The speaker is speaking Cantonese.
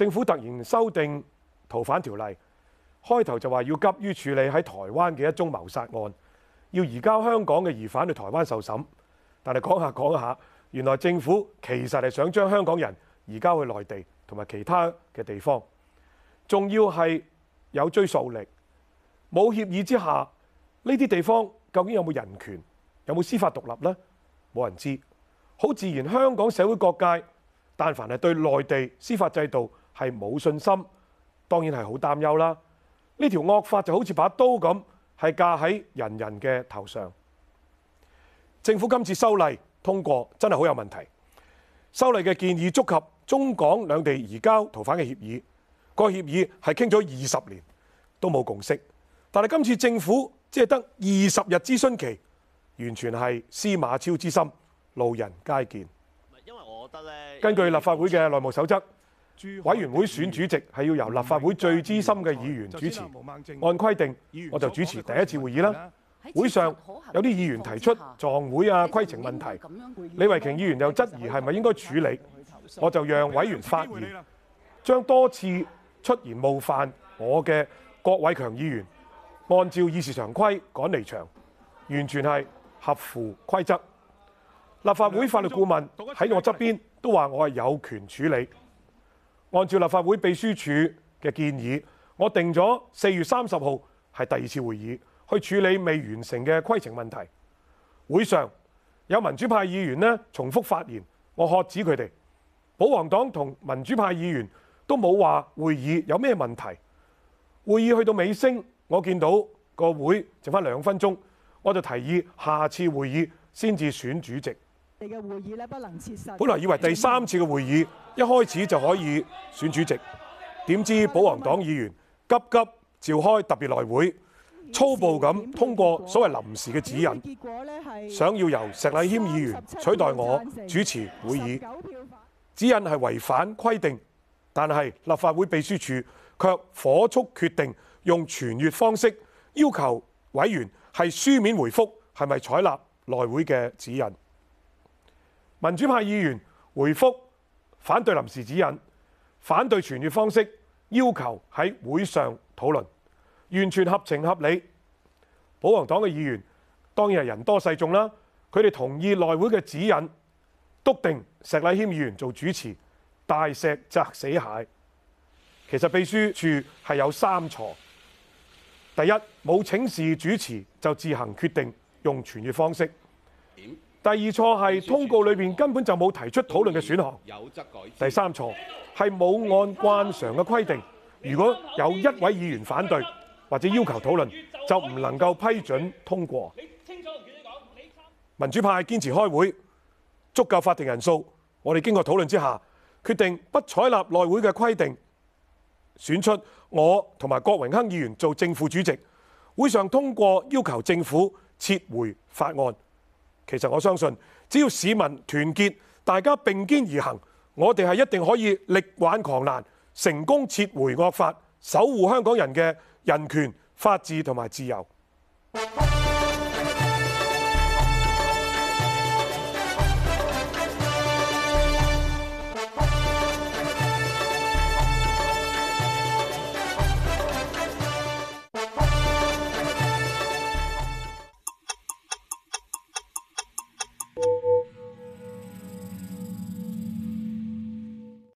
政府突然修訂逃犯條例，開頭就話要急於處理喺台灣嘅一宗謀殺案，要移交香港嘅疑犯去台灣受審。但係講下講下，原來政府其實係想將香港人移交去內地同埋其他嘅地方，仲要係有追溯力。冇協議之下，呢啲地方究竟有冇人權，有冇司法獨立呢？冇人知。好自然，香港社會各界但凡係對內地司法制度係冇信心，當然係好擔憂啦！呢條惡法就好似把刀咁，係架喺人人嘅頭上。政府今次修例通過，真係好有問題。修例嘅建議觸及中港兩地移交逃犯嘅協議，個協議係傾咗二十年都冇共識，但係今次政府即係得二十日諮詢期，完全係司馬昭之心，路人皆見。因為我覺得咧，根據立法會嘅內務守則。委員會選主席係要由立法會最資深嘅議員主持。按規定，我就主持第一次會議啦。會上有啲議員提出撞會啊規程問題，李慧瓊議員又質疑係咪應該處理，我就讓委員發言，將多次出言冒犯我嘅郭偉強議員，按照議事常規趕離場，完全係合乎規則。立法會法律顧問喺我側邊都話我係有權處理。按照立法會秘書處嘅建議，我定咗四月三十號係第二次會議，去處理未完成嘅規程問題。會上有民主派議員呢重複發言，我喝止佢哋。保皇黨同民主派議員都冇話會議有咩問題。會議去到尾聲，我見到個會剩翻兩分鐘，我就提議下次會議先至選主席。本來以為第三次嘅會議一開始就可以選主席，點知保皇黨議員急急召開特別內會，粗暴咁通過所謂臨時嘅指引，想要由石禮謙議員取代我主持會議。指引係違反規定，但係立法會秘書處卻火速決定用傳閱方式要求委員係書面回覆，係咪採納內會嘅指引。民主派議員回覆反對臨時指引，反對傳閱方式，要求喺會上討論，完全合情合理。保皇黨嘅議員當然係人多勢眾啦，佢哋同意內會嘅指引，篤定石禮謙議員做主持，大石砸死蟹。其實秘書處係有三錯：第一，冇請示主持就自行決定用傳閱方式。點？第二錯係通告裏面根本就冇提出討論嘅選項。有則改。第三錯係冇按慣常嘅規定，如果有一位議員反對或者要求討論，就唔能夠批准通過。民主派堅持開會，足夠法定人數，我哋經過討論之下，決定不採納內會嘅規定，選出我同埋郭榮鏗議員做正副主席。會上通過要求政府撤回法案。其實我相信，只要市民團結，大家並肩而行，我哋係一定可以力挽狂瀾，成功撤回惡法，守護香港人嘅人權、法治同埋自由。